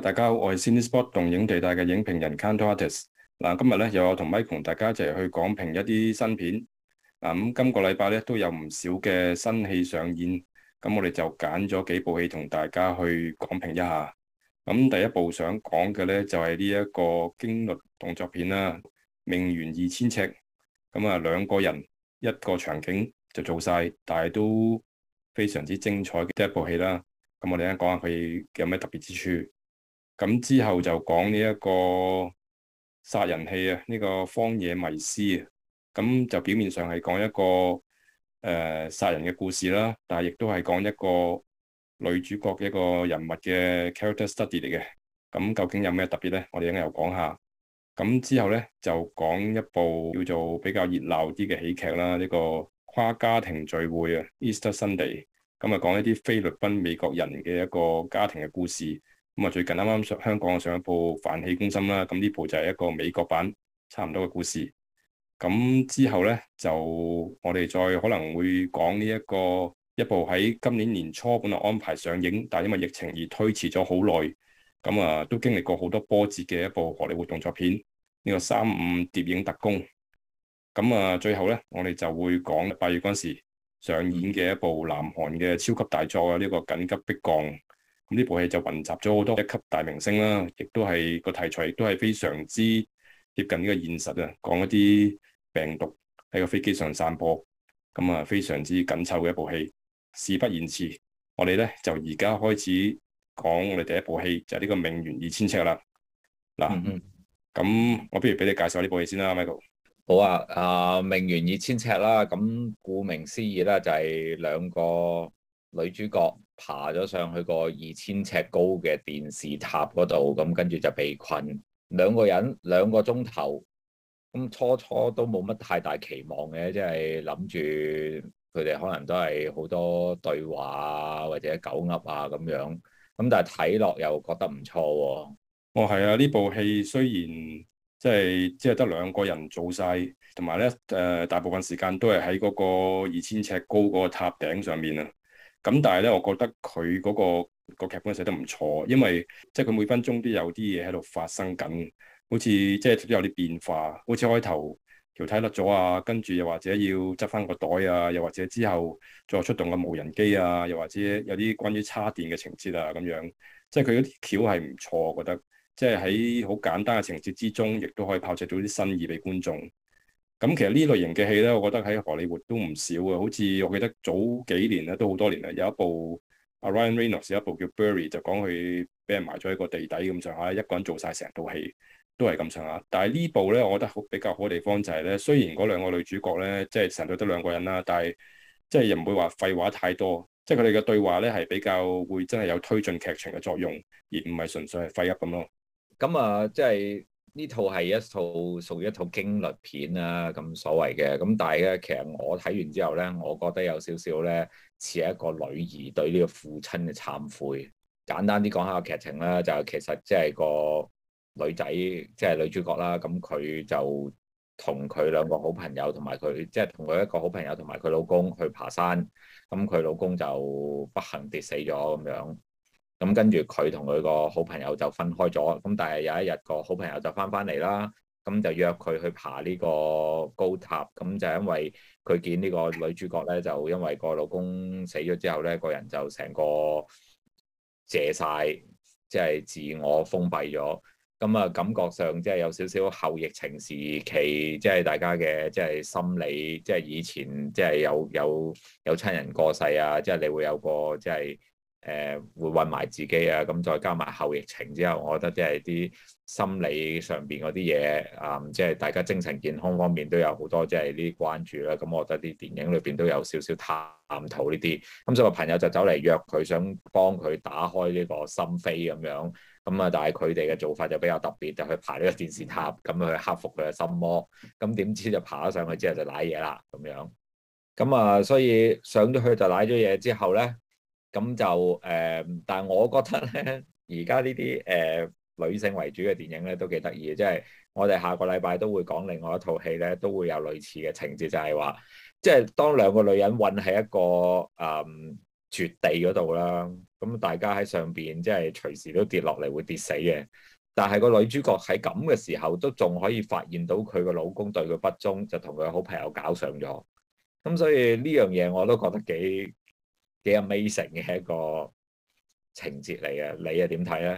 大家好，我係 CineSpot 動映地帶嘅影評人 Kantorates。嗱，今日咧又有同 Michael 大家講評一齊去講評一啲新片。嗱、嗯，咁今個禮拜咧都有唔少嘅新戲上演，咁、嗯、我哋就揀咗幾部戲同大家去講評一下。咁、嗯、第一部想講嘅咧就係呢一個驚慄動作片啦，《命懸二千呎》。咁啊，兩個人一個場景就做晒，但係都非常之精彩嘅第一部戲啦。咁、嗯、我哋一講下佢有咩特別之處。咁之後就講呢一個殺人戲啊，呢個荒野謎屍啊，咁就表面上係講一個誒、呃、殺人嘅故事啦，但係亦都係講一個女主角一個人物嘅 character study 嚟嘅。咁究竟有咩特別呢？我哋等陣又講下。咁之後呢，就講一部叫做比較熱鬧啲嘅喜劇啦，呢個誇家庭聚會啊，Easter Sunday。咁啊，講一啲菲律賓美國人嘅一個家庭嘅故事。咁啊，最近啱啱上香港上一部《飯戲攻心》啦，咁呢部就係一個美國版差唔多嘅故事。咁之後呢，就我哋再可能會講呢一個一部喺今年年初本來安排上映，但係因為疫情而推遲咗好耐。咁啊，都經歷過好多波折嘅一部荷里活動作片，呢、這個《三五諜影特攻》。咁啊，最後呢，我哋就會講八月嗰時上演嘅一部南韓嘅超級大作啊，呢、這個《緊急迫降》。呢部戲就雲集咗好多一級大明星啦，亦都係個題材，亦都係非常之接近呢個現實啊！講一啲病毒喺個飛機上散播，咁啊非常之緊湊嘅一部戲。事不宜遲，我哋咧就而家開始講我哋第一部戲，就係、是、呢、這個《命懸二千尺》啦。嗱，咁、嗯嗯、我不如俾你介紹下呢部戲先啦，Michael。好啊，啊、呃《命懸二千尺》啦，咁顧名思義啦，就係、是、兩個。女主角爬咗上去個二千尺高嘅電視塔嗰度，咁跟住就被困兩個人兩個鐘頭。咁初初都冇乜太大期望嘅，即係諗住佢哋可能都係好多對話啊，或者狗噏啊咁樣。咁但係睇落又覺得唔錯喎。哦，係啊，呢部戲雖然即係即係得兩個人做晒，同埋咧誒，大部分時間都係喺嗰個二千尺高嗰個塔頂上面啊。咁但係咧，我覺得佢嗰個個劇本寫得唔錯，因為即係佢每分鐘都有啲嘢喺度發生緊，好似即係都有啲變化，好似開頭條梯甩咗啊，跟住又或者要執翻個袋啊，又或者之後再出動個無人機啊，又或者有啲關於叉電嘅情節啊，咁樣即係佢嗰啲橋係唔錯，我覺得即係喺好簡單嘅情節之中，亦都可以炮製到啲新意俾觀眾。咁其實呢類型嘅戲咧，我覺得喺荷里活都唔少嘅。好似我記得早幾年咧，都好多年啦，有一部 Ryan Reynolds 有一部叫 Buried 就講佢俾人埋咗喺個地底咁上下，一個人做晒成套戲都係咁上下。但係呢部咧，我覺得好比較好嘅地方就係、是、咧，雖然嗰兩個女主角咧，即係成套得兩個人啦，但係即係又唔會話廢話太多，即係佢哋嘅對話咧係比較會真係有推進劇情嘅作用，而唔係純粹係廢噏咁咯。咁啊，即係。呢套係一套屬於一套驚慄片啦，咁所謂嘅，咁但係咧，其實我睇完之後咧，我覺得有少少咧，似一個女兒對呢個父親嘅懺悔。簡單啲講下個劇情啦，就係其實即係個女仔，即係女主角啦，咁佢就同佢兩個好朋友，同埋佢即係同佢一個好朋友，同埋佢老公去爬山，咁佢老公就不幸跌死咗咁樣。咁跟住佢同佢個好朋友就分開咗，咁但係有一日個好朋友就翻翻嚟啦，咁就約佢去爬呢個高塔，咁就因為佢見呢個女主角咧，就因為個老公死咗之後咧，個人就成個謝晒，即係自我封閉咗，咁，啊感覺上即係有少少後疫情時期，即係大家嘅即係心理，即係以前即係有有有親人過世啊，即係你會有個即係。誒，會困埋自己啊！咁再加埋後疫情之後，我覺得即係啲心理上邊嗰啲嘢啊，即、嗯、係、就是、大家精神健康方面都有好多即係呢啲關注啦。咁、嗯、我覺得啲電影裏邊都有少少探討呢啲。咁、嗯、所以朋友就走嚟約佢，想幫佢打開呢個心扉咁樣。咁、嗯、啊，但係佢哋嘅做法就比較特別，就是、去爬呢個電視塔，咁去克服佢嘅心魔。咁、嗯、點知就爬咗上去之後就舐嘢啦，咁樣。咁、嗯、啊，所以上咗去就舐咗嘢之後咧，咁就誒、嗯，但係我覺得咧，而家呢啲誒女性為主嘅電影咧都幾得意嘅，即係我哋下個禮拜都會講另外一套戲咧，都會有類似嘅情節，就係話，即係當兩個女人困喺一個誒絕地嗰度啦，咁大家喺上邊即係隨時都跌落嚟會跌死嘅，但係個女主角喺咁嘅時候都仲可以發現到佢個老公對佢不忠，就同佢好朋友搞上咗，咁所以呢樣嘢我都覺得幾幾 amazing 嘅一個情節嚟嘅，你又點睇咧？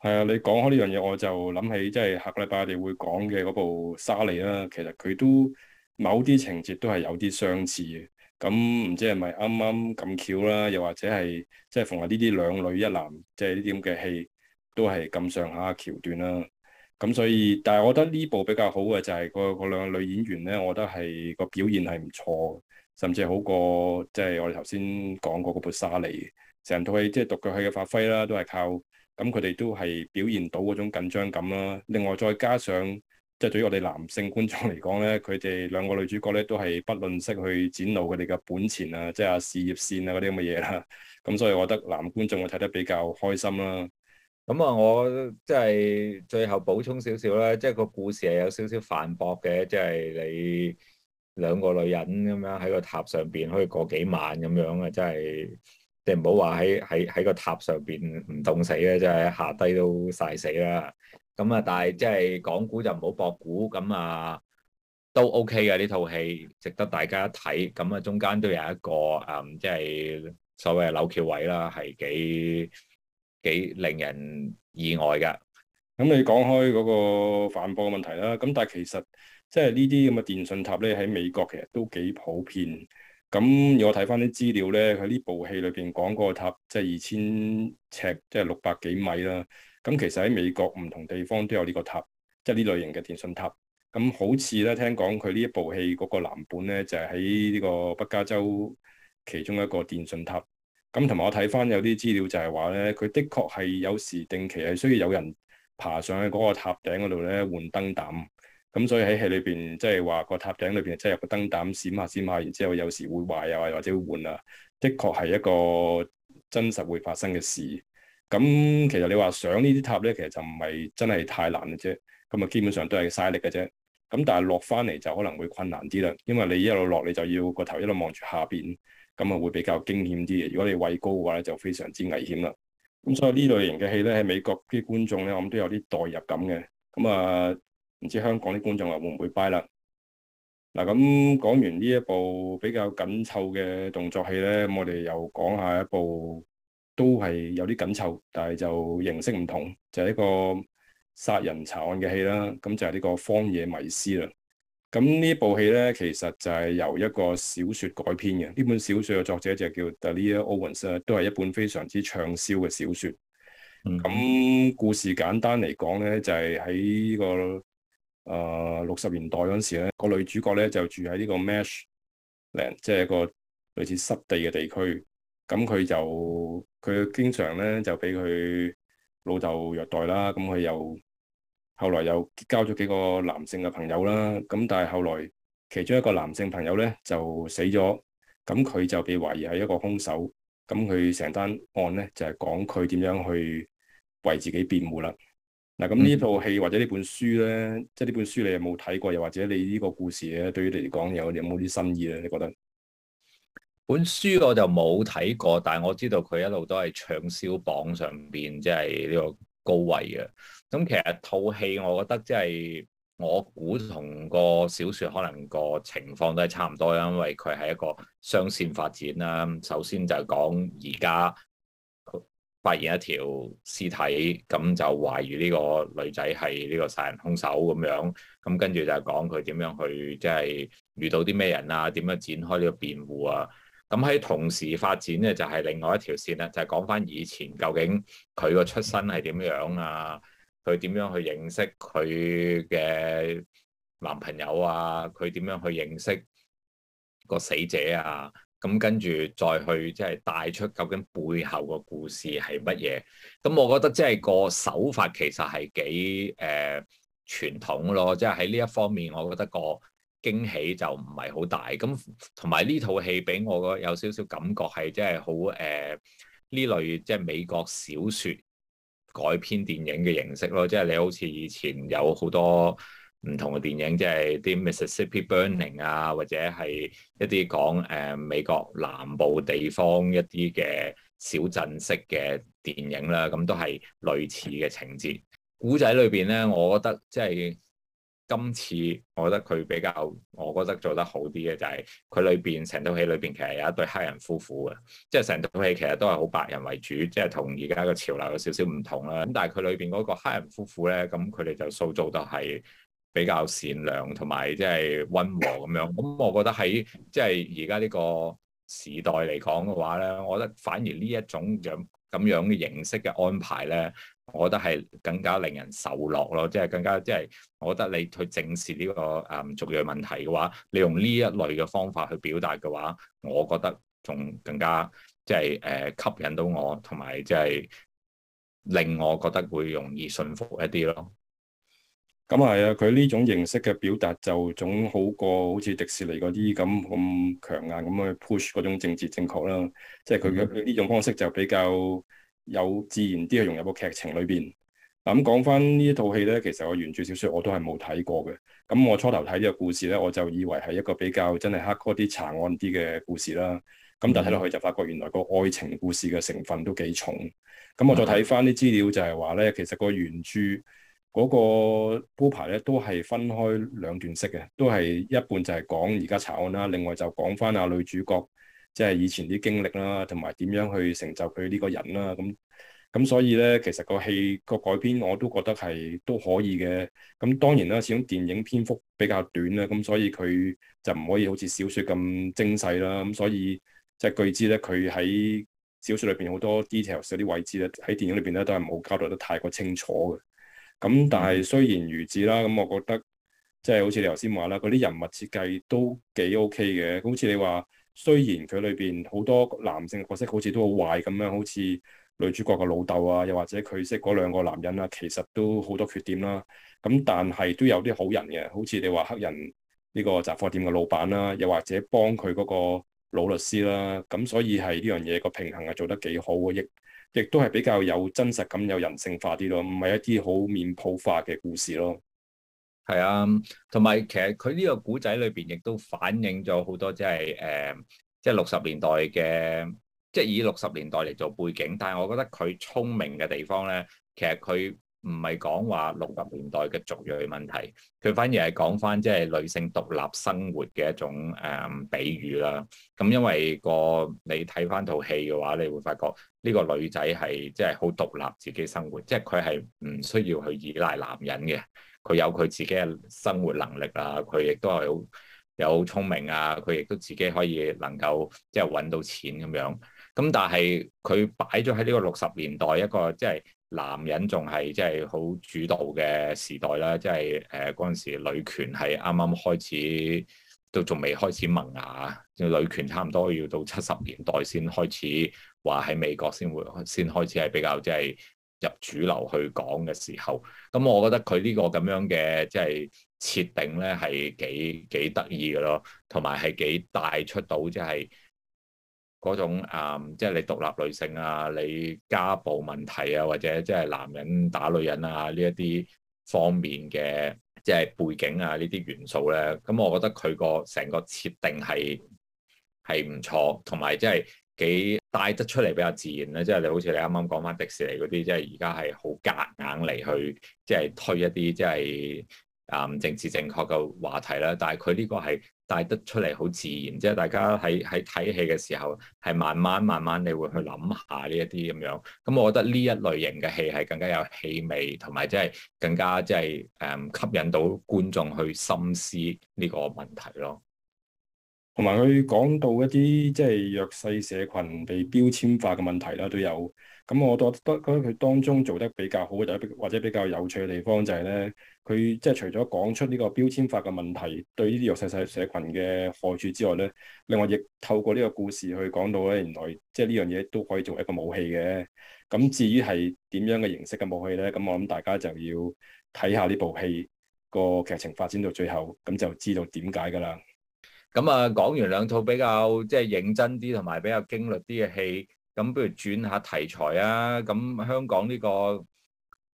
係啊，你講開呢樣嘢，我就諗起即係下個禮拜我哋會講嘅嗰部《沙莉》啦。其實佢都某啲情節都係有啲相似嘅。咁唔知係咪啱啱咁巧啦？又或者係即係逢係呢啲兩女一男，即係呢啲咁嘅戲，都係咁上下橋段啦。咁所以，但係我覺得呢部比較好嘅就係個嗰兩個女演員咧，我覺得係個表現係唔錯。甚至好過即係、就是、我哋頭先講過嗰部沙嚟，成套戲即係獨角戲嘅發揮啦，都係靠咁佢哋都係表現到嗰種緊張感啦。另外再加上即係、就是、對於我哋男性觀眾嚟講咧，佢哋兩個女主角咧都係不吝嗇去展露佢哋嘅本錢啊，即係啊事業線啊嗰啲咁嘅嘢啦。咁所以我覺得男觀眾就睇得比較開心啦。咁啊，我即係最後補充少少啦，即、就、係、是、個故事係有少少犯駁嘅，即、就、係、是、你。兩個女人咁樣喺個塔上邊可以過幾晚咁樣啊！真係你唔好話喺喺喺個塔上邊唔凍死咧，真係下低都曬死啦。咁、嗯嗯、啊，但係即係講古就唔好駁古，咁啊都 OK 嘅呢套戲，值得大家一睇。咁、嗯、啊，中間都有一個嗯，即係所謂嘅扭橋位啦，係幾幾令人意外嘅。咁你講開嗰個反駁嘅問題啦，咁但係其實即係呢啲咁嘅電信塔咧，喺美國其實都幾普遍。咁我睇翻啲資料咧，佢呢部戲裏邊講嗰個塔，即係二千尺，即係六百幾米啦。咁其實喺美國唔同地方都有呢個塔，即係呢類型嘅電信塔。咁好似咧，聽講佢呢部戲嗰個藍本咧，就係喺呢個北加州其中一個電信塔。咁同埋我睇翻有啲資料就係話咧，佢的確係有時定期係需要有人爬上去嗰個塔頂嗰度咧換燈膽。換燈咁所以喺戲裏邊，即係話個塔頂裏邊，即係個燈膽閃下閃下，然之後有時會壞啊，或者會換啊，的確係一個真實會發生嘅事。咁其實你話上呢啲塔咧，其實就唔係真係太難嘅啫。咁啊，基本上都係嘥力嘅啫。咁但係落翻嚟就可能會困難啲啦，因為你一路落你就要個頭一路望住下邊，咁啊會比較驚險啲嘅。如果你畏高嘅話咧，就非常之危險啦。咁所以呢類型嘅戲咧，喺美國啲觀眾咧，我諗都有啲代入感嘅。咁啊～唔知香港啲觀眾話會唔會 buy 啦？嗱，咁講完呢一部比較緊湊嘅動作戲咧，咁我哋又講下一部都係有啲緊湊，但係就形式唔同，就係、是、一個殺人查案嘅戲啦。咁就係呢、這個荒野謎屍啦。咁呢部戲咧，其實就係由一個小說改編嘅。呢本小說嘅作者就叫 Delia Owens 啊，都係一本非常之暢銷嘅小說。咁、嗯、故事簡單嚟講咧，就係喺呢個。誒六十年代嗰陣時咧，個女主角咧就住喺呢個 marsh land，即係一個類似濕地嘅地區。咁佢就佢經常咧就俾佢老豆虐待啦。咁佢又後來又結交咗幾個男性嘅朋友啦。咁但係後來其中一個男性朋友咧就死咗，咁佢就被懷疑係一個兇手。咁佢成單案咧就係、是、講佢點樣去為自己辯護啦。嗱，咁呢套戲或者呢本書咧，即係呢本書你有冇睇過？又或者你呢個故事咧，對於你嚟講有有冇啲新意咧？你覺得？本書我就冇睇過，但係我知道佢一路都係暢銷榜上邊，即係呢個高位嘅。咁其實套戲我覺得即係我估同個小說可能個情況都係差唔多，因為佢係一個雙線發展啦。首先就講而家。發現一條屍體，咁就懷疑呢個女仔係呢個殺人兇手咁樣，咁跟住就係講佢點樣去，即係遇到啲咩人啊？點樣展開呢個辯護啊？咁喺同時發展咧，就係另外一條線咧，就係講翻以前究竟佢個出身係點樣啊？佢點樣去認識佢嘅男朋友啊？佢點樣去認識個死者啊？咁跟住再去即係帶出究竟背後個故事係乜嘢？咁我覺得即係個手法其實係幾誒傳統咯，即係喺呢一方面，我覺得個驚喜就唔係好大。咁同埋呢套戲俾我個有少少感覺係即係好誒呢類即係美國小説改編電影嘅形式咯，即係你好似以前有好多。唔同嘅電影，即係啲 Mississippi Burning 啊，或者係一啲講誒美國南部地方一啲嘅小鎮式嘅電影啦，咁都係類似嘅情節。古仔裏邊咧，我覺得即係今次，我覺得佢比較，我覺得做得好啲嘅就係佢裏邊成套戲裏邊其實有一對黑人夫婦嘅，即係成套戲其實都係好白人為主，即係同而家嘅潮流有少少唔同啦。咁但係佢裏邊嗰個黑人夫婦咧，咁佢哋就塑造得係，比較善良同埋即係溫和咁樣，咁我覺得喺即係而家呢個時代嚟講嘅話咧，我覺得反而呢一種樣咁樣嘅形式嘅安排咧，我覺得係更加令人受落咯，即係更加即係，就是、我覺得你去正視呢個誒族裔問題嘅話，你用呢一類嘅方法去表達嘅話，我覺得仲更加即係誒吸引到我，同埋即係令我覺得會容易信服一啲咯。咁啊係啊！佢呢種形式嘅表達就總好過好似迪士尼嗰啲咁咁強硬咁去 push 嗰種政治正確啦。即係佢呢種方式就比較有自然啲去融入個劇情裏邊。嗱，咁講翻呢一套戲呢，其實個原著小說我都係冇睇過嘅。咁我初頭睇呢個故事呢，我就以為係一個比較真係黑嗰啲查案啲嘅故事啦。咁但睇落去就發覺原來個愛情故事嘅成分都幾重。咁我再睇翻啲資料就係話呢，其實個原著。嗰個鋪排咧都係分開兩段式嘅，都係一半就係講而家查案啦，另外就講返啊女主角即係、就是、以前啲經歷啦，同埋點樣去成就佢呢個人啦。咁咁所以咧，其實個戲個改編我都覺得係都可以嘅。咁當然啦，始終電影篇幅比較短啦，咁所以佢就唔可以好似小説咁精細啦。咁所以即係、就是、據知咧，佢喺小説裏邊好多 details 有啲位置咧，喺電影裏邊咧都係冇交代得太過清楚嘅。咁、嗯、但係雖然如此啦，咁我覺得即係、就是、好似你頭先話啦，嗰啲人物設計都幾 OK 嘅。好似你話，雖然佢裏邊好多男性角色好似都好壞咁樣，好似女主角嘅老豆啊，又或者佢識嗰兩個男人啊，其實都好多缺點啦。咁但係都有啲好人嘅，好似你話黑人呢個雜貨店嘅老闆啦、啊，又或者幫佢嗰個老律師啦、啊。咁所以係呢樣嘢個平衡係做得幾好嘅。亦都係比較有真實感、有人性化啲咯，唔係一啲好面譜化嘅故事咯。係啊，同埋其實佢呢個古仔裏邊亦都反映咗好多，即係誒，即係六十年代嘅，即係以六十年代嚟做背景。但係我覺得佢聰明嘅地方咧，其實佢，唔係講話六十年代嘅族裔問題，佢反而係講翻即係女性獨立生活嘅一種誒比喻啦。咁、嗯、因為、嗰個你睇翻套戲嘅話，你會發覺呢個女仔係即係好獨立，自己生活，即係佢係唔需要去依賴男人嘅。佢有佢自己嘅生活能力啦，佢亦都係好有好聰明啊，佢亦都自己可以能夠即係揾到錢咁樣。咁、嗯、但係佢擺咗喺呢個六十年代一個即係。即係男人仲係即係好主導嘅時代啦，即係誒嗰陣時女權係啱啱開始，都仲未開始萌芽。女權差唔多要到七十年代先開始話喺美國先會先開始係比較即係入主流去講嘅時候。咁我覺得佢呢個咁樣嘅即係設定咧係幾幾得意嘅咯，同埋係幾帶出到即係。嗰種、嗯、即係你獨立女性啊，你家暴問題啊，或者即係男人打女人啊呢一啲方面嘅即係背景啊呢啲元素咧，咁、嗯、我覺得佢個成個設定係係唔錯，同埋即係幾帶得出嚟比較自然咧。即係你好似你啱啱講翻迪士尼嗰啲，即係而家係好夾硬嚟去即係推一啲即係誒、嗯、政治正確嘅話題啦。但係佢呢個係。帶得出嚟好自然，即係大家喺喺睇戲嘅時候，係慢慢慢慢你會去諗下呢一啲咁樣。咁、嗯、我覺得呢一類型嘅戲係更加有戲味，同埋即係更加即係誒吸引到觀眾去深思呢個問題咯。同埋佢講到一啲即係弱勢社群被標籤化嘅問題啦，都有。咁我覺得覺得佢當中做得比較好嘅，就或者比較有趣嘅地方就係咧，佢即係除咗講出呢個標籤化嘅問題對呢啲弱勢社群嘅害處之外咧，另外亦透過呢個故事去講到咧，原來即係呢樣嘢都可以做一個武器嘅。咁至於係點樣嘅形式嘅武器咧，咁我諗大家就要睇下呢部戲個劇情發展到最後，咁就知道點解噶啦。咁啊，講完兩套比較即係認真啲同埋比較經律啲嘅戲，咁不如轉下題材啊！咁香港呢個嗰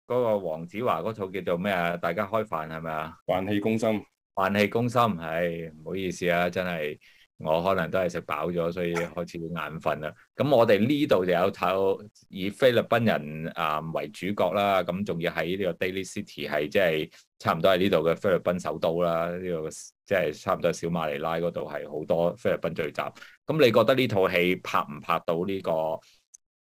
個黃子華嗰套叫做咩啊？大家開飯係咪啊？飯戲攻心，飯戲攻心，唉，唔好意思啊，真係。我可能都係食飽咗，所以開始會眼瞓啦。咁我哋呢度就有套以菲律賓人啊為主角啦。咁仲要喺呢個 Daly City 係即係差唔多係呢度嘅菲律賓首都啦。呢個即係差唔多小馬尼拉嗰度係好多菲律賓聚集。咁你覺得呢套戲拍唔拍到呢個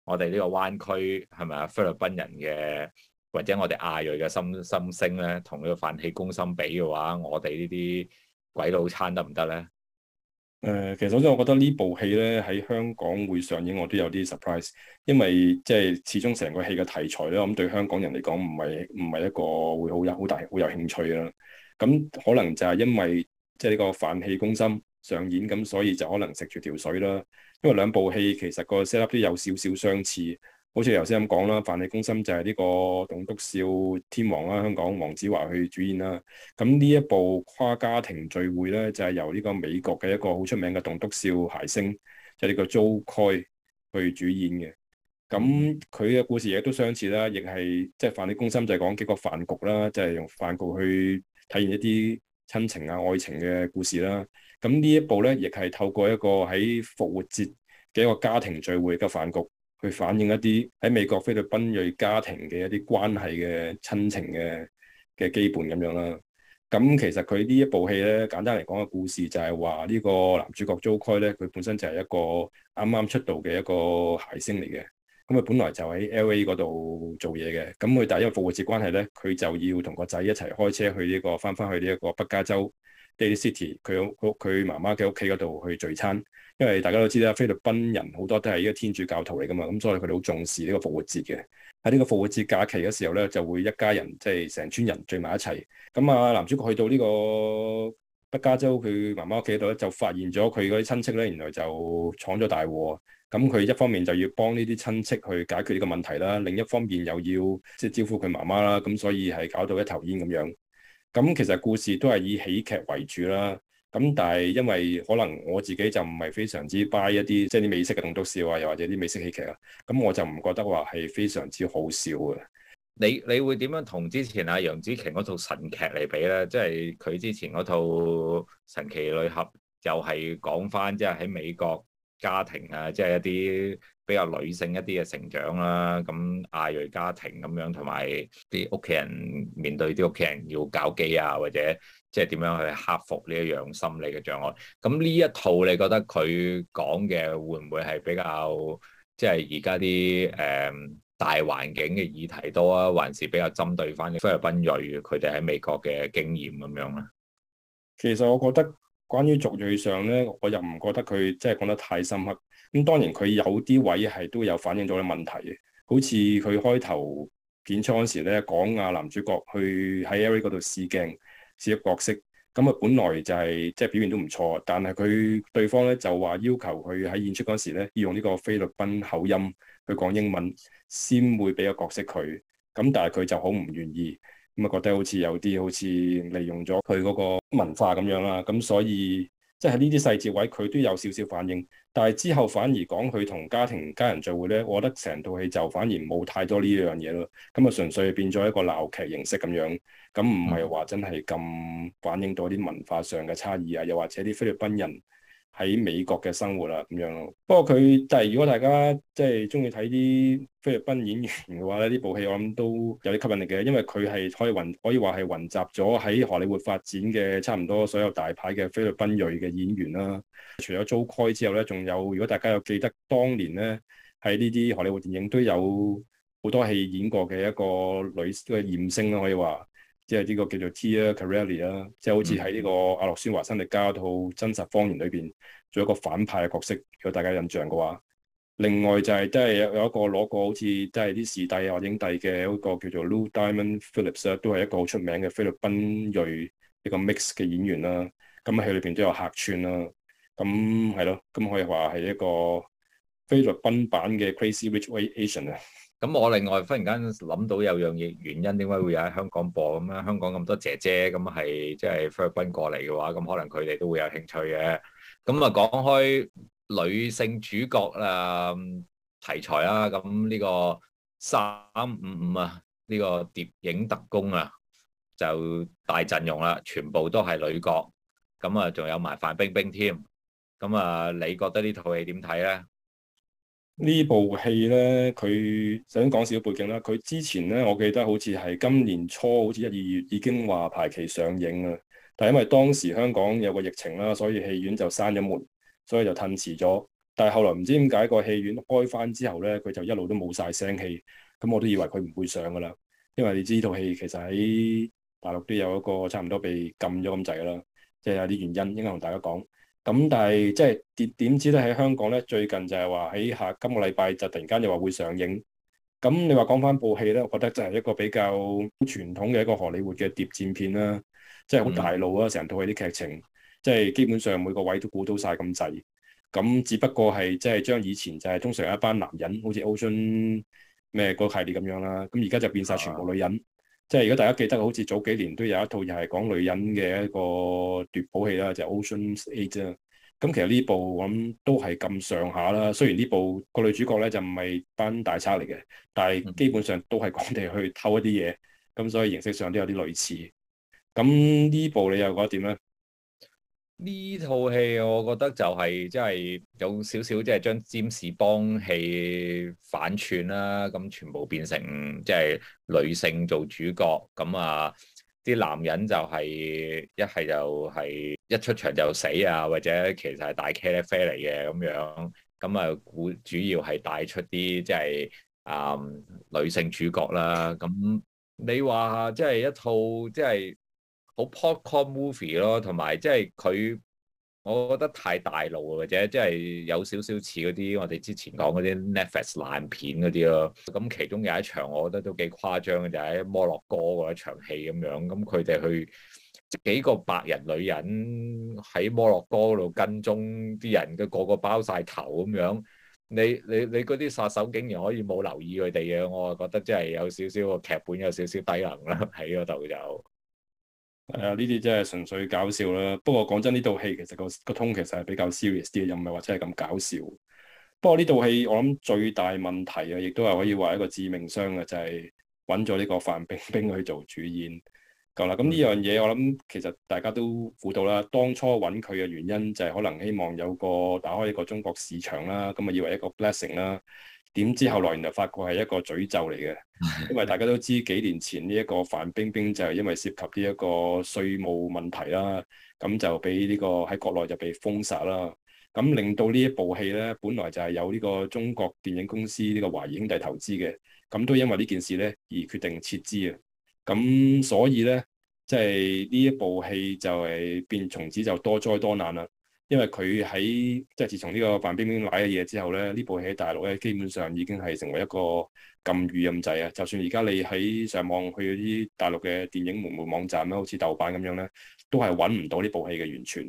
我哋呢個灣區，係咪啊，菲律賓人嘅或者我哋亞裔嘅心心聲咧？同呢個飯戲攻心比嘅話，我哋呢啲鬼佬餐得唔得咧？誒、呃，其實首先我覺得部戲呢部戲咧喺香港會上映，我都有啲 surprise，因為即係始終成個戲嘅題材啦，咁對香港人嚟講唔係唔係一個會好有好大好有興趣啦。咁可能就係因為即係呢個飯戲攻心上演，咁所以就可能食住條水啦。因為兩部戲其實個 set up 都有少少相似。好似頭先咁講啦，《飯戲攻心》就係呢個棟篤笑天王啦，香港黃子華去主演啦。咁呢一部誇家庭聚會咧，就係、是、由呢個美國嘅一個好出名嘅棟篤笑諧星，就係、是、呢個 Jo Koy 去主演嘅。咁佢嘅故事亦都相似啦，亦係即係《飯戲攻心》就係、是、講幾個飯局啦，就係、是、用飯局去體現一啲親情啊、愛情嘅故事啦。咁呢一部咧，亦係透過一個喺復活節嘅一個家庭聚會嘅飯局。去反映一啲喺美國菲律賓裔家庭嘅一啲關係嘅親情嘅嘅基本咁樣啦。咁其實佢呢一部戲咧，簡單嚟講嘅故事就係話呢個男主角 Jo Koy 咧，佢本身就係一個啱啱出道嘅一個諧星嚟嘅。咁佢本來就喺 LA 嗰度做嘢嘅。咁佢但因為復活節關係咧，佢就要同個仔一齊開車去呢、呢個翻翻去呢一個北加州 Daly City 佢佢媽媽嘅屋企嗰度去聚餐。因為大家都知啦，菲律賓人好多都係一個天主教徒嚟噶嘛，咁所以佢哋好重視呢個復活節嘅。喺呢個復活節假期嘅時候咧，就會一家人即係成村人聚埋一齊。咁、嗯、啊，男主角去到呢個北加州佢媽媽屋企度咧，就發現咗佢嗰啲親戚咧，原來就闖咗大禍。咁、嗯、佢一方面就要幫呢啲親戚去解決呢個問題啦，另一方面又要即係招呼佢媽媽啦。咁、嗯、所以係搞到一頭煙咁樣。咁、嗯、其實故事都係以喜劇為主啦。咁但係，因為可能我自己就唔係非常之 buy 一啲即係啲美式嘅棟篤笑啊，又或者啲美式喜劇啊，咁我就唔覺得話係非常之好笑嘅。你你會點樣同之前阿楊紫瓊嗰套神劇嚟比咧？即係佢之前嗰套神奇女俠又係講翻即係喺美國家庭啊，即係一啲比較女性一啲嘅成長啦。咁亞裔家庭咁樣，同埋啲屋企人面對啲屋企人要搞基啊，或者。即係點樣去克服呢一樣心理嘅障礙？咁呢一套你覺得佢講嘅會唔會係比較即係而家啲誒大環境嘅議題多啊？還是比較針對返菲律賓裔佢哋喺美國嘅經驗咁樣咧？其實我覺得關於族裔上咧，我又唔覺得佢即係講得太深刻。咁當然佢有啲位係都有反映咗啲問題嘅，好似佢開頭片初嗰時咧，講啊男主角去喺 Eric 嗰度試鏡。係一個角色咁啊，本來就係即係表現都唔錯，但係佢對方咧就話要求佢喺演出嗰時咧要用呢個菲律賓口音去講英文，先會俾個角色佢。咁但係佢就好唔願意，咁啊覺得好似有啲好似利用咗佢嗰個文化咁樣啦。咁所以即係呢啲細節位，佢都有少少反應。但係之後反而講佢同家庭家人聚會咧，我覺得成套戲就反而冇太多呢樣嘢咯。咁啊，純粹變咗一個鬧劇形式咁樣，咁唔係話真係咁反映到啲文化上嘅差異啊，又或者啲菲律賓人，喺美國嘅生活啦，咁樣咯。不過佢，就係如果大家即係中意睇啲菲律賓演員嘅話咧，呢部戲我諗都有啲吸引力嘅，因為佢係可以雲，可以話係雲集咗喺荷里活發展嘅差唔多所有大牌嘅菲律賓裔嘅演員啦。除咗 Jo Koy 之後咧，仲有如果大家有記得當年咧喺呢啲荷里活電影都有好多戲演過嘅一個女嘅艷星啦、啊，可以話。即係呢個叫做 Tia Carrelli 啦，即係好似喺呢個阿洛舒華辛力加套真實謊言裏邊做一個反派嘅角色，如果大家印象嘅話，另外就係即係有有一個攞過好似即係啲視帝啊影帝嘅一個叫做 Lou Diamond Phillips 都係一個好出名嘅菲律賓裔一個 mix 嘅演員啦。咁喺裏邊都有客串啦。咁係咯，咁、嗯嗯、可以話係一個菲律賓版嘅 Crazy Rich Asian 啊。咁我另外忽然間諗到有樣嘢，原因點解會喺香港播咁咧？香港咁多姐姐咁係即係菲律賓過嚟嘅話，咁可能佢哋都會有興趣嘅。咁啊講開女性主角啊題材啦、啊，咁呢個三五五啊呢、呢個《諜影特攻啊》啊就大陣容啦，全部都係女角。咁啊仲有埋范冰冰添。咁啊，你覺得呢套戲點睇咧？呢部戲呢，佢想講少啲背景啦。佢之前呢，我記得好似係今年初，好似一二月已經話排期上映啦。但係因為當時香港有個疫情啦，所以戲院就閂咗門，所以就褪遲咗。但係後來唔知點解個戲院開翻之後呢，佢就一路都冇晒聲氣。咁我都以為佢唔會上噶啦，因為你知呢套戲其實喺大陸都有一個差唔多被禁咗咁滯啦，即係有啲原因應該同大家講。咁但係即係點，點知咧，喺香港咧，最近就係話喺下今個禮拜就突然間又話會上映。咁你話講翻部戲咧，我覺得就係一個比較傳統嘅一個荷里活嘅諜戰片啦，即係好大路啊，成、嗯、套戲啲劇情即係基本上每個位都估到晒咁滯。咁只不過係即係將以前就係通常一班男人好似 Ocean 咩嗰系列咁樣啦，咁而家就變晒全部女人。啊即係如果大家記得，好似早幾年都有一套又係講女人嘅一個奪寶戲啦，就係 Ocean’s Eight 啦。咁其實呢部咁都係咁上下啦。雖然呢部個女主角咧就唔係班大賊嚟嘅，但係基本上都係講地去偷一啲嘢。咁所以形式上都有啲類似。咁呢部你又覺得點咧？呢套戲我覺得就係即係有少少即係將占士邦戲反串啦、啊，咁全部變成即係女性做主角，咁啊啲男人就係、是、一係就係一出場就死啊，或者其實係大茄喱啡嚟嘅咁樣，咁啊主主要係帶出啲即係啊女性主角啦，咁你話即係一套即係。好 popcorn movie 咯，同埋即係佢，我覺得太大路或者即係有少少似嗰啲我哋之前講嗰啲 Netflix 爛片嗰啲咯。咁、嗯嗯、其中有一場，我覺得都幾誇張嘅，就喺、是、摩洛哥嗰場戲咁樣。咁佢哋去即幾個白人女人喺摩洛哥嗰度跟蹤啲人，都個個包晒頭咁樣。你你你嗰啲殺手竟然可以冇留意佢哋嘅，我覺得即係有少少個劇本有少少低能啦喺嗰度就。係啊，呢啲、哎、真係純粹搞笑啦。不過講真，呢套戲其實個 tone 其實係比較 serious 啲嘅，又唔係話真係咁搞笑。不過呢套戲我諗最大問題啊，亦都係可以話一個致命傷啊，就係揾咗呢個范冰冰去做主演。咁啦，咁呢樣嘢我諗其實大家都估到啦。當初揾佢嘅原因就係可能希望有個打開一個中國市場啦，咁啊以為一個 blessing 啦。點知後來原來就發覺係一個詛咒嚟嘅，因為大家都知幾年前呢一個范冰冰就係因為涉及呢一個稅務問題啦，咁就俾呢、呢個喺國內就被封殺啦，咁令到呢一部戲咧，本來就係有呢個中國電影公司呢個華誼兄弟投資嘅，咁都因為呢件事咧而決定撤資啊，咁所以咧即係呢、就係、一部戲就係、係、變從此就多災多難啦。因為佢喺即係自從呢個范冰冰奶嘅嘢之後咧，部呢部戲喺大陸咧基本上已經係成為一個禁語咁滯啊！就算而家你喺上網去啲大陸嘅電影門戶網站咧，好似豆瓣咁樣咧，都係揾唔到呢部戲嘅完全。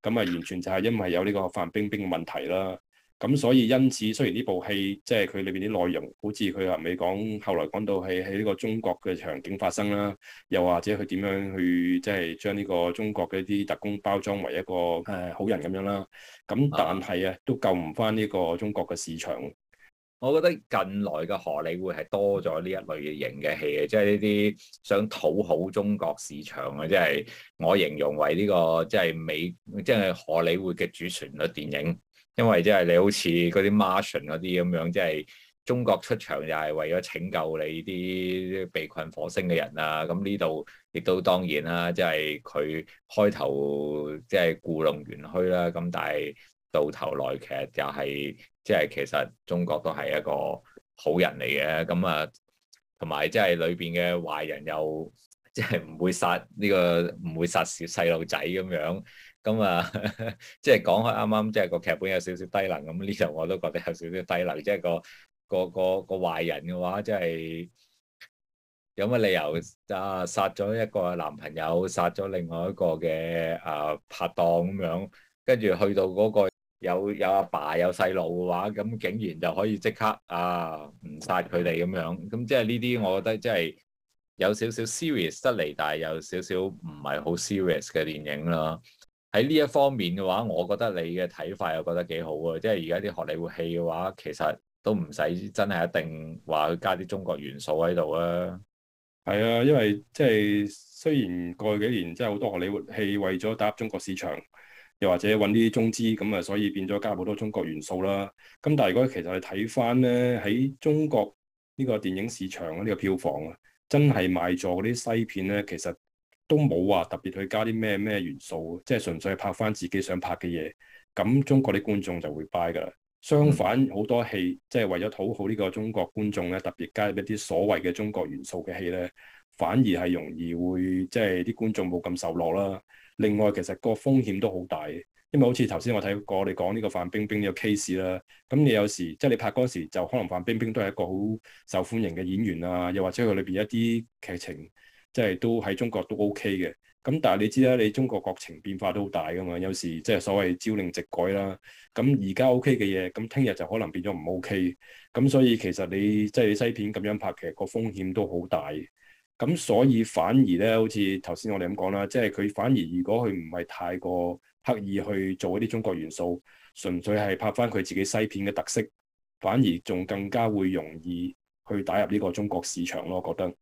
咁啊，完全就係因為有呢個范冰冰嘅問題啦。咁所以因此，雖然呢部戲即係佢裏邊啲內容，好似佢話未講，後來講到係喺呢個中國嘅場景發生啦，又或者佢點樣去即係將呢個中國嘅一啲特工包裝為一個誒好人咁樣啦。咁但係啊，都救唔翻呢個中國嘅市場，啊。我覺得近來嘅荷里活係多咗呢一類型嘅戲嘅，即係呢啲想討好中國市場啊，即係我形容為呢個即係美，即係荷里活嘅主旋律電影。因為即係你好似嗰啲 Martian 嗰啲咁樣，即係中國出場又係為咗拯救你啲被困火星嘅人啊！咁呢度亦都當然啦，即係佢開頭即係故弄玄虛啦，咁但係到頭來其實又係即係其實中國都係一個好人嚟嘅，咁啊同埋即係裏邊嘅壞人又即係唔會殺呢個唔會殺小細路仔咁樣。咁啊，即係講開啱啱，即係個劇本有少少低能咁，呢度我都覺得有少少低能。即係個個個個壞人嘅話，即係有乜理由啊殺咗一個男朋友，殺咗另外一個嘅啊拍檔咁樣，跟住去到嗰個有有阿爸有細路嘅話，咁竟然就可以即刻啊唔殺佢哋咁樣。咁即係呢啲，我覺得即係有少少 serious 得嚟，但係有少少唔係好 serious 嘅電影啦。喺呢一方面嘅話，我覺得你嘅睇法又覺得幾好啊！即係而家啲荷里活戲嘅話，其實都唔使真係一定話去加啲中國元素喺度啊。係啊，因為即係雖然過去幾年真係好多荷里活戲為咗打入中國市場，又或者揾啲中資，咁啊所以變咗加好多中國元素啦。咁但係如果其實去睇翻咧喺中國呢個電影市場啊，呢個票房啊，真係賣座嗰啲西片咧，其實～都冇話特別去加啲咩咩元素，即係純粹拍翻自己想拍嘅嘢，咁中國啲觀眾就會 buy 㗎啦。相反，好多戲即係為咗討好呢個中國觀眾咧，特別加入一啲所謂嘅中國元素嘅戲咧，反而係容易會即係啲觀眾冇咁受落啦。另外，其實個風險都好大，因為好似頭先我睇過你講呢個范冰冰呢個 case 啦，咁你有時即係你拍嗰時就可能范冰冰都係一個好受歡迎嘅演員啊，又或者佢裏邊一啲劇情。即係都喺中國都 OK 嘅，咁但係你知啦，你中國國情變化都好大噶嘛，有時即係所謂朝令夕改啦。咁而家 OK 嘅嘢，咁聽日就可能變咗唔 OK。咁所以其實你即係西片咁樣拍，其實個風險都好大。咁所以反而咧，好似頭先我哋咁講啦，即係佢反而如果佢唔係太過刻意去做一啲中國元素，純粹係拍翻佢自己西片嘅特色，反而仲更加會容易去打入呢個中國市場咯，我覺得。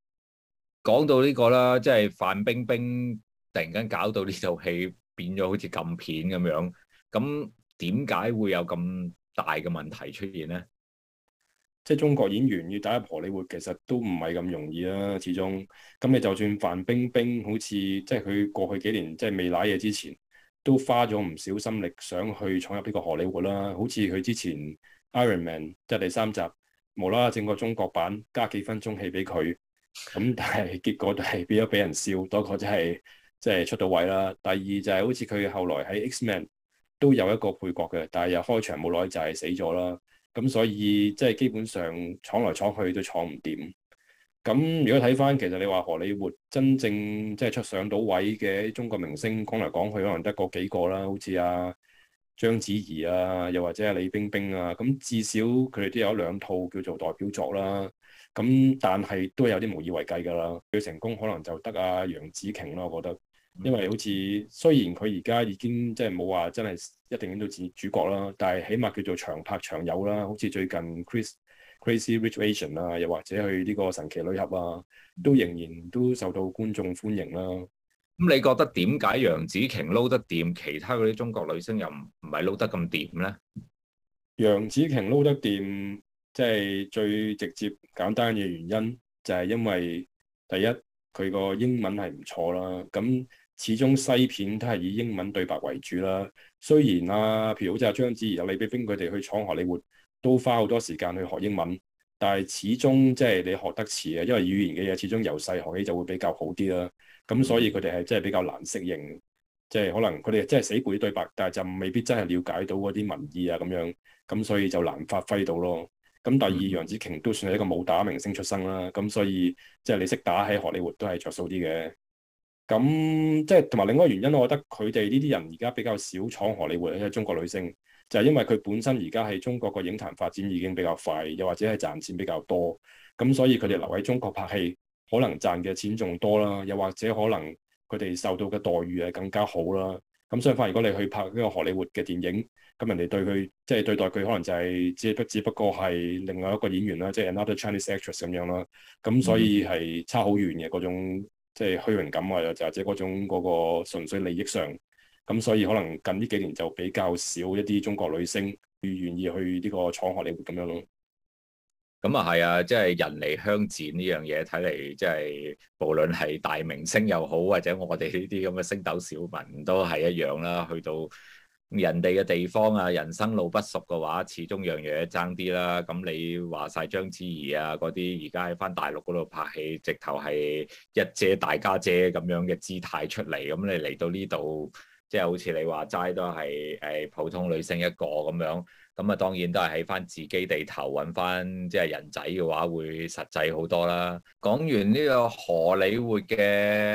講到呢個啦，即係范冰冰突然間搞到呢套戲變咗好似禁片咁樣，咁點解會有咁大嘅問題出現呢？即係中國演員要打入荷里活，其實都唔係咁容易啦，始終。咁你就算范冰冰好似即係佢過去幾年即係未瀨嘢之前，都花咗唔少心力想去闖入呢個荷里活啦。好似佢之前 Iron Man 即係第三集，無啦啦整個中國版加幾分鐘戲俾佢。咁、嗯、但係結果都係變咗俾人笑，多過真係即係出到位啦。第二就係、是、好似佢後來喺 X Man 都有一個配角嘅，但係又開場冇耐就係死咗啦。咁所以即係基本上闖來闖去都闖唔掂。咁如果睇翻，其實你話荷里活真正即係出上到位嘅中國明星，講嚟講去可能得個幾個啦，好似阿章子怡啊，又或者係李冰冰啊，咁至少佢哋都有兩套叫做代表作啦。咁但係都有啲無以為繼㗎啦，佢成功可能就得阿楊紫瓊啦，我覺得，因為好似雖然佢而家已經即係冇話真係一定影到主主角啦，但係起碼叫做長拍長有啦，好似最近 Chris Crazy Rich Asian 啊，又或者去呢個神奇女俠啊，都仍然都受到觀眾歡迎啦。咁你覺得點解楊紫瓊撈得掂，其他嗰啲中國女星又唔係撈得咁掂咧？楊紫瓊撈得掂。即係最直接簡單嘅原因，就係因為第一佢個英文係唔錯啦。咁始終西片都係以英文對白為主啦。雖然啊，譬如好似阿章子怡、阿李碧冰，佢哋去闖荷里活，都花好多時間去學英文。但係始終即係你學得遲啊，因為語言嘅嘢始終由細學起就會比較好啲啦。咁所以佢哋係真係比較難適應，即係、嗯、可能佢哋真係死背啲對白，但係就未必真係了解到嗰啲文意啊咁樣。咁所以就難發揮到咯。咁、嗯、第二，楊紫瓊都算係一個武打明星出身啦，咁所以即係、就是、你識打喺荷里活都係着數啲嘅。咁即係同埋另外一個原因，我覺得佢哋呢啲人而家比較少闖荷里活，因為中國女星就係、是、因為佢本身而家係中國個影壇發展已經比較快，又或者係賺錢比較多，咁所以佢哋留喺中國拍戲，可能賺嘅錢仲多啦，又或者可能佢哋受到嘅待遇係更加好啦。咁相反，所以如果你去拍呢個荷里活嘅電影，咁人哋對佢即係對待佢，可能就係只不只不過係另外一個演員啦，即係 another Chinese actress 咁樣啦。咁所以係差好遠嘅嗰種即係虛榮感啊，就或者嗰種嗰個純粹利益上，咁所以可能近呢幾年就比較少一啲中國女星會願意去呢個闖荷里活咁樣咯。咁啊係啊，即係人離鄉賤呢樣嘢，睇嚟即係無論係大明星又好，或者我哋呢啲咁嘅星斗小民都係一樣啦。去到人哋嘅地方啊，人生路不熟嘅話，始終樣嘢爭啲啦。咁你話晒章子怡啊，嗰啲而家喺返大陸嗰度拍戲，直頭係一姐大家姐咁樣嘅姿態出嚟。咁你嚟到呢度，即係好似你話齋都係誒普通女星一個咁樣。咁啊，當然都係喺翻自己地頭揾翻，即係人仔嘅話會實際好多啦。講完呢個荷里活嘅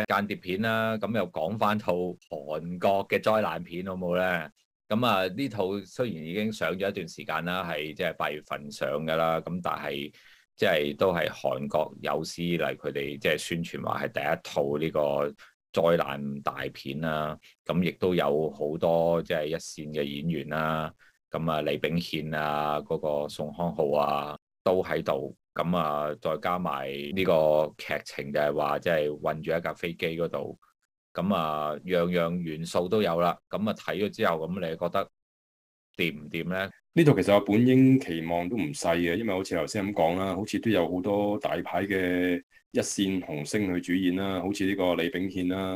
間諜片啦，咁又講翻套韓國嘅災難片好冇咧？咁啊，呢套雖然已經上咗一段時間啦，係即係八月份上噶啦，咁但係即係都係韓國有史以嚟佢哋即係宣傳話係第一套呢個災難大片啦。咁亦都有好多即係一線嘅演員啦。咁啊、嗯，李炳憲啊，嗰、那個宋康昊啊，都喺度。咁、嗯、啊，再加埋呢個劇情就係話，即、就、係、是、困住一架飛機嗰度。咁、嗯、啊，樣、嗯、樣元素都有啦。咁、嗯、啊，睇咗之後，咁你覺得掂唔掂咧？呢度其實我本應期望都唔細嘅，因為好似頭先咁講啦，好似都有好多大牌嘅一線紅星去主演啦，好似呢個李炳憲啦、啊，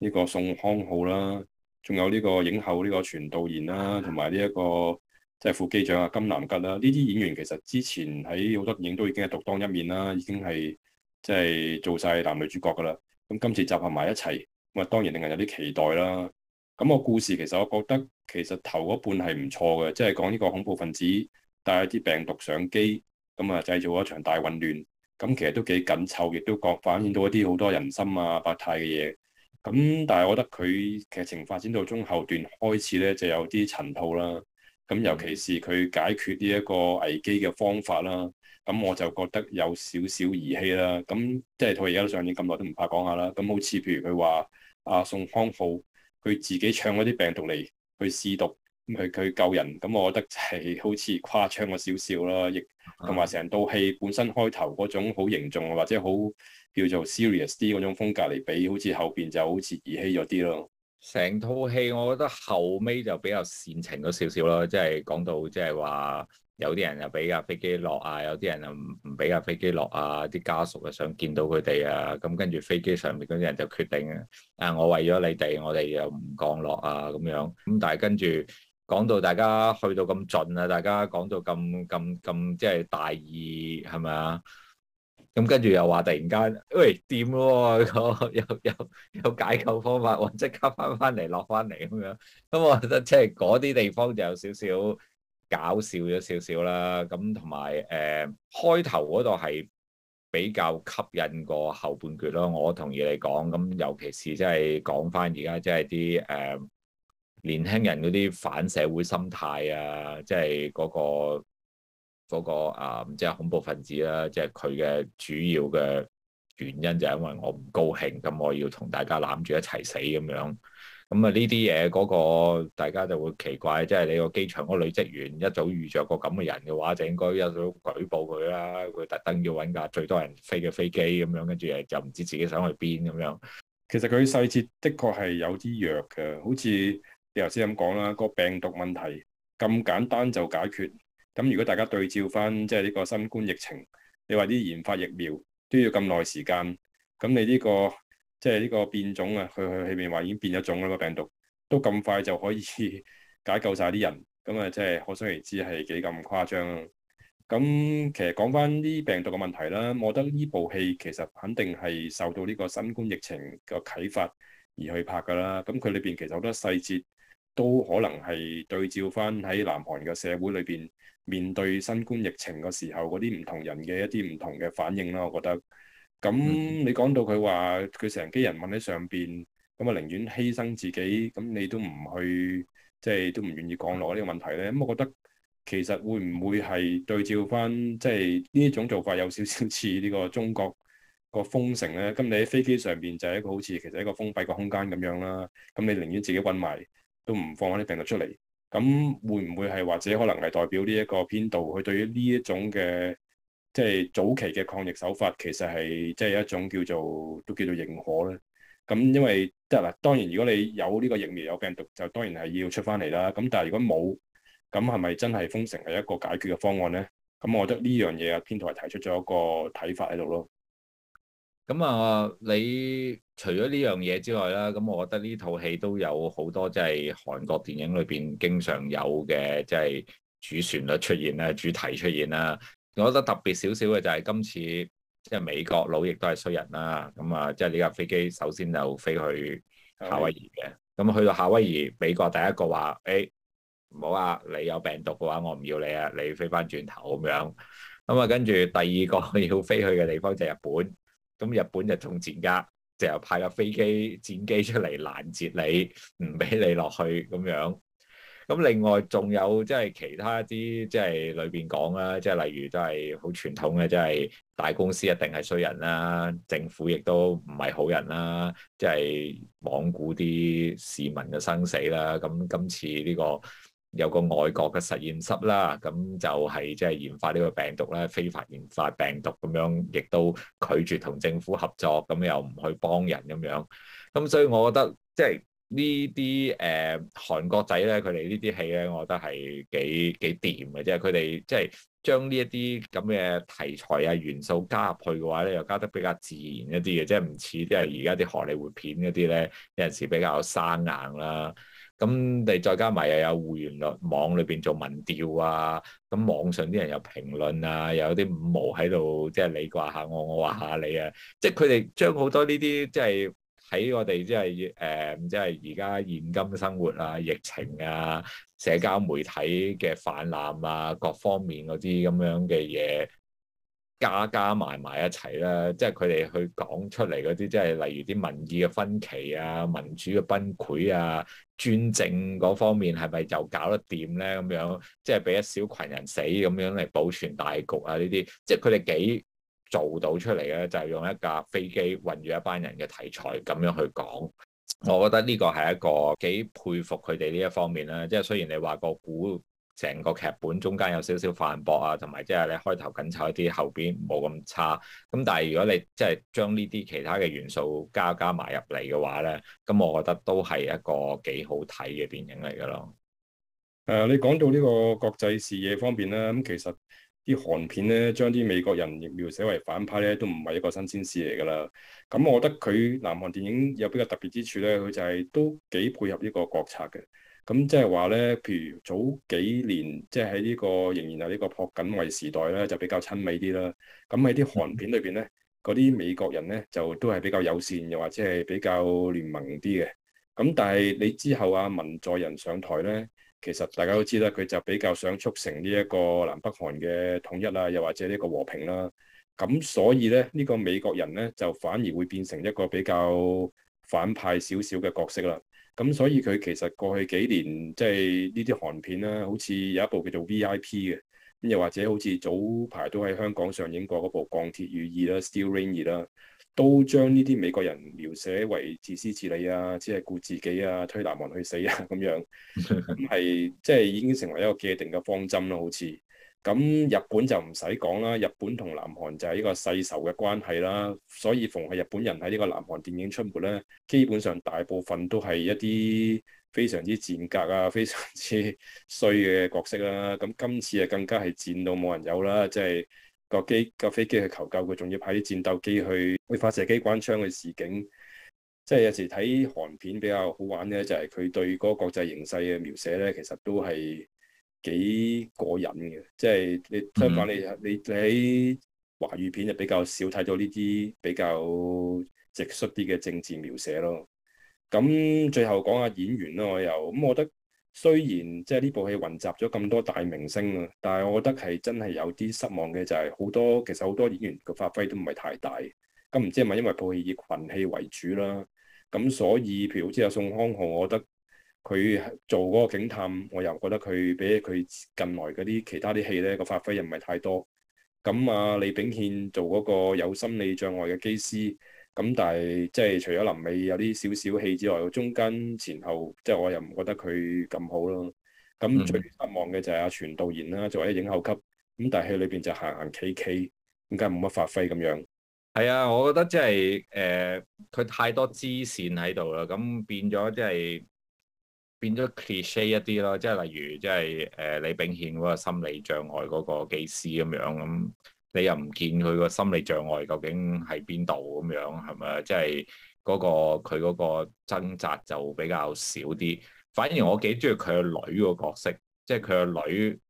呢、這個宋康昊啦、啊。仲有呢個影后呢個全度妍啦，同埋呢一個即係副機長金啊金南佶啦，呢啲演員其實之前喺好多電影都已經係獨當一面啦，已經係即係做晒男女主角噶啦。咁今次集合埋一齊，咁啊當然令人有啲期待啦。咁個故事其實我覺得其實頭嗰半係唔錯嘅，即係講呢個恐怖分子帶一啲病毒上機，咁啊製造一場大混亂。咁其實都幾緊湊，亦都覺反映到一啲好多人心啊百態嘅嘢。咁、嗯、但係我覺得佢劇情發展到中後段開始咧就有啲陳套啦，咁、嗯、尤其是佢解決呢一個危機嘅方法啦，咁、嗯、我就覺得有少少兒戲啦，咁即係佢而家都上映咁耐都唔怕講下啦，咁、嗯、好似譬如佢話阿宋康昊佢自己搶嗰啲病毒嚟去試毒。咁佢佢救人，咁我覺得係好似誇張咗少少咯，亦同埋成套戲本身開頭嗰種好凝重或者好叫做 serious 啲嗰種風格嚟比，好似後邊就好似兒戲咗啲咯。成套戲我覺得後尾就比較煽情咗少少咯，即係講到即係話有啲人就俾架飛機落啊，有啲人就唔唔俾架飛機落啊，啲家屬啊想見到佢哋啊，咁跟住飛機上面嗰啲人就決定啊，我為咗你哋，我哋又唔降落啊咁樣，咁但係跟住。講到大家去到咁盡啊，大家講到咁咁咁即係大意係咪啊？咁跟住又話突然間喂掂咯，有有有解救方法，我即刻翻翻嚟落翻嚟咁樣。咁我覺得即係嗰啲地方就有少少搞笑咗少少啦。咁同埋誒，開頭嗰度係比較吸引過後半段咯。我同意你講咁，尤其是即係講翻而家即係啲誒。呃年輕人嗰啲反社會心態啊，即係嗰個嗰個啊，唔知係恐怖分子啦，即係佢嘅主要嘅原因就係因為我唔高興，咁我要同大家攬住一齊死咁樣。咁啊呢啲嘢嗰個大家就會奇怪，即係你個機場嗰女職員一早遇着個咁嘅人嘅話，就應該一早舉報佢啦。佢特登要揾架最多人飛嘅飛機咁樣，跟住又唔知自己想去邊咁樣。其實佢細節的確係有啲弱嘅，好似。你頭先咁講啦，個病毒問題咁簡單就解決，咁如果大家對照翻即係呢個新冠疫情，你話啲研發疫苗都要咁耐時間，咁你呢個即係呢個變種啊，佢去去面話已經變咗種啦，個病毒都咁快就可以解救晒啲人，咁啊即係可想而知係幾咁誇張啦。咁其實講翻啲病毒嘅問題啦，我覺得呢部戲其實肯定係受到呢個新冠疫情嘅啟發而去拍㗎啦。咁佢裏邊其實好多細節。都可能係對照翻喺南韓嘅社會裏邊面，面對新冠疫情嘅時候嗰啲唔同人嘅一啲唔同嘅反應啦。我覺得咁你講到佢話佢成機人困喺上邊，咁啊寧願犧牲自己，咁你都唔去即係都唔願意降落呢個問題呢。咁我覺得其實會唔會係對照翻即係呢一種做法有少少似呢個中國個封城呢？咁你喺飛機上邊就係一個好似其實一個封閉嘅空間咁樣啦。咁你寧願自己困埋。都唔放翻啲病毒出嚟，咁會唔會係或者可能係代表呢一個編導佢對於呢一種嘅即係早期嘅抗疫手法，其實係即係一種叫做都叫做認可咧。咁因為即係嗱，當然如果你有呢個疫苗有病毒，就當然係要出翻嚟啦。咁但係如果冇，咁係咪真係封城係一個解決嘅方案咧？咁我覺得呢樣嘢啊，編導係提出咗一個睇法喺度咯。咁啊，你除咗呢樣嘢之外啦，咁我覺得呢套戲都有好多即係韓國電影裏邊經常有嘅，即係主旋律出現啦、主題出現啦。我覺得特別少少嘅就係今次即係美國佬亦都係衰人啦。咁啊，即係呢架飛機首先就飛去夏威夷嘅，咁 Okay. 去到夏威夷美國第一個話：誒唔好啊，你有病毒嘅話，我唔要你啊，你飛翻轉頭咁樣。咁啊，跟住第二個要飛去嘅地方就係日本。咁日本就仲賤格，成日派架飛機、戰機出嚟攔截你，唔俾你落去咁樣。咁另外仲有即係其他啲即係裏邊講啦，即係例如都係好傳統嘅，即係大公司一定係衰人啦，政府亦都唔係好人啦，即係罔顧啲市民嘅生死啦。咁今次呢個。有個外國嘅實驗室啦，咁就係即係研發呢個病毒啦，非法研發病毒咁樣，亦都拒絕同政府合作，咁又唔去幫人咁樣。咁所以我覺得即係呢啲誒韓國仔咧，佢哋呢啲戲咧，我覺得係幾幾掂嘅即係。佢哋即係將呢一啲咁嘅題材啊、元素加入去嘅話咧，又加得比較自然一啲嘅，即係唔似即係而家啲荷里活片嗰啲咧有陣時比較生硬啦。咁你再加埋又有互聯網裏邊做民調啊，咁網上啲人又評論啊，又有啲五毛喺度，即係你話下我，我話下你啊，即係佢哋將好多呢啲即係喺我哋即係誒，即係而家現今生活啊、疫情啊、社交媒體嘅氾濫啊，各方面嗰啲咁樣嘅嘢加加埋埋一齊啦，即係佢哋去講出嚟嗰啲，即係例如啲民意嘅分歧啊、民主嘅崩潰啊。專政嗰方面係咪就搞得掂咧？咁樣即係俾一小群人死咁樣嚟保存大局啊？呢啲即係佢哋幾做到出嚟嘅，就係、是、用一架飛機運住一班人嘅題材咁樣去講，我覺得呢個係一個幾佩服佢哋呢一方面啦。即係雖然你話個股。成個劇本中間有少少犯駁啊，同埋即係你開頭緊湊一啲，後邊冇咁差。咁但係如果你即係將呢啲其他嘅元素加加埋入嚟嘅話咧，咁我覺得都係一個幾好睇嘅電影嚟噶咯。誒，你講到呢個國際視野方面啦，咁其實啲韓片咧將啲美國人描寫為反派咧，都唔係一個新鮮事嚟噶啦。咁我覺得佢南韓電影有比較特別之處咧，佢就係都幾配合呢個國策嘅。咁即係話咧，譬如早幾年，即係喺呢個仍然係呢個朴槿惠時代咧，就比較親美啲啦。咁喺啲韓片裏邊咧，嗰啲美國人咧就都係比較友善，又或者係比較聯盟啲嘅。咁但係你之後阿、啊、文在寅上台咧，其實大家都知啦，佢就比較想促成呢一個南北韓嘅統一啦，又或者呢個和平啦。咁所以咧，呢、這個美國人咧就反而會變成一個比較反派少少嘅角色啦。咁所以佢其實過去幾年即係呢啲韓片啦，好似有一部叫做 V.I.P. 嘅，又或者好似早排都喺香港上映過嗰部《鋼鐵雨2》啦，《Steel Rain 2》啦，都將呢啲美國人描寫為自私自利啊，只係顧自己啊，推難民去死啊咁樣，咁係即係已經成為一個既定嘅方針啦，好似。咁日本就唔使講啦，日本同南韓就係一個世仇嘅關係啦，所以逢係日本人喺呢個南韓電影出沒咧，基本上大部分都係一啲非常之賤格啊，非常之衰嘅角色啦。咁今次啊，更加係賤到冇人有啦，即係個機架飛機去求救，佢仲要派啲戰鬥機去，會發射機關槍去示警。即係有時睇韓片比較好玩咧，就係佢對嗰個國際形勢嘅描寫咧，其實都係。幾過癮嘅，即係你相反，嗯、你你喺華語片就比較少睇到呢啲比較直率啲嘅政治描寫咯。咁最後講下演員啦，我又咁、嗯，我覺得雖然即係呢部戲混集咗咁多大明星啦，但係我覺得係真係有啲失望嘅，就係好多其實好多演員嘅發揮都唔係太大。咁唔知係咪因為部戲以群戲為主啦？咁所以譬如好似阿宋康昊，我覺得。佢做嗰個警探，我又覺得佢比起佢近來嗰啲其他啲戲呢個發揮又唔係太多。咁啊，李炳憲做嗰個有心理障礙嘅機師，咁但係即係除咗臨尾有啲少少戲之外，中間前後即係我又唔覺得佢咁好咯。咁最失望嘅就係阿全度妍啦，作為影後級，咁但係戲裏邊就行行企企，點解冇乜發揮咁樣？係啊，我覺得即係誒，佢、呃、太多支線喺度啦，咁變咗即係。變咗 cliche 一啲咯，即係例如即係誒李炳憲嗰個心理障礙嗰個機師咁樣咁，你又唔見佢個心理障礙究竟喺邊度咁樣係咪？即係嗰個佢嗰個掙扎就比較少啲，反而我幾鍾意佢個女個角色，即係佢個女，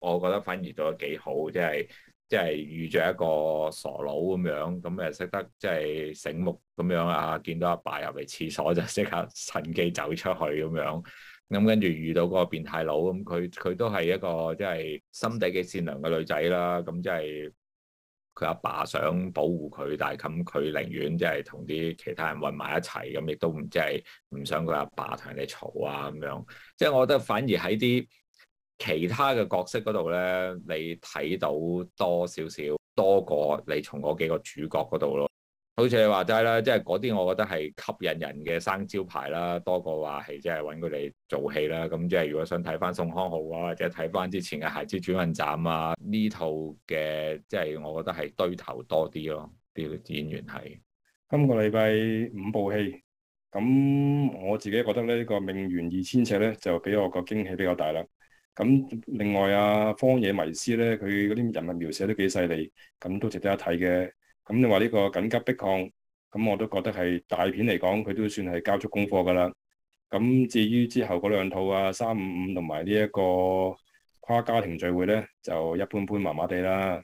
我覺得反而做得幾好，即係。即係遇着一個傻佬咁樣，咁誒識得即係醒目咁樣啊，見到阿爸入嚟廁所就即刻趁機走出去咁樣，咁跟住遇到嗰個變態佬咁，佢佢都係一個即係心底嘅善良嘅女仔啦。咁即係佢阿爸想保護佢，但係咁佢寧願即係同啲其他人混埋一齊，咁亦都唔即係唔想佢阿爸同人哋嘈啊，咁樣。即係我覺得反而喺啲其他嘅角色嗰度咧，你睇到多少少多過你從嗰幾個主角嗰度咯。好似你話齋啦，即係嗰啲我覺得係吸引人嘅生招牌啦，多過話係即係搵佢哋做戲啦。咁即係如果想睇翻宋康昊啊，或者睇翻之前嘅《孩子轉運站》啊呢套嘅，即係我覺得係堆頭多啲咯，啲演員係今個禮拜五部戲咁，我自己覺得咧呢個《命懸二千尺》咧就俾我個驚喜比較大啦。咁另外啊，《荒野謎屍》咧，佢嗰啲人物描寫都幾犀利，咁都值得一睇嘅。咁你話呢個緊急迫降，咁我都覺得係大片嚟講，佢都算係交足功課噶啦。咁至於之後嗰兩套啊，《三五五》同埋呢一個誇家庭聚會咧，就一般般，一般，一般，麻麻地啦。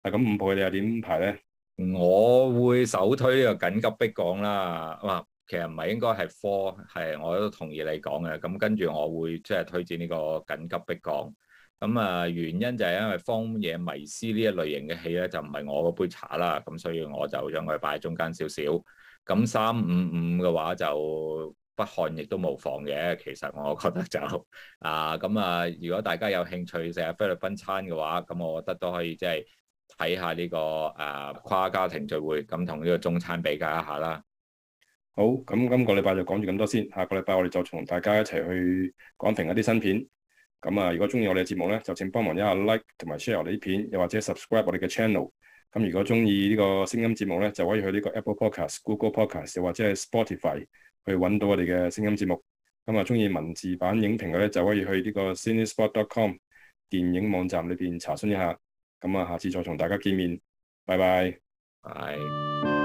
啊，咁五部你又點排咧？我會首推啊《緊急迫降》啦，啊！其實唔係應該係科，係我都同意你講嘅。咁跟住我會即係推薦呢個緊急迫降。咁啊，原因就係因為荒野謎屍呢一類型嘅戲咧，就唔係我嗰杯茶啦。咁所以我就將佢擺喺中間少少。咁三五五嘅話就北韓亦都無妨嘅。其實我覺得就啊咁啊，如果大家有興趣食菲律賓餐嘅話，咁我覺得都可以即係睇下呢、呢個誒、啊、跨家庭聚會，咁同呢個中餐比較一下啦。好，咁今個禮拜就講住咁多先。下個禮拜我哋就同大家一齊去講評一啲新片。咁啊，如果中意我哋嘅節目咧，就請幫忙一下 like 同埋 share 我哋啲片，又或者 subscribe 我哋嘅 channel。咁如果中意呢個聲音節目咧，就可以去呢個 Apple Podcast、Google Podcast 又或者係 Spotify 去揾到我哋嘅聲音節目。咁啊，中意文字版影評嘅咧，就可以去呢個 Cinespot.com 電影網站裏邊查詢一下。咁啊，下次再同大家見面。拜拜。拜。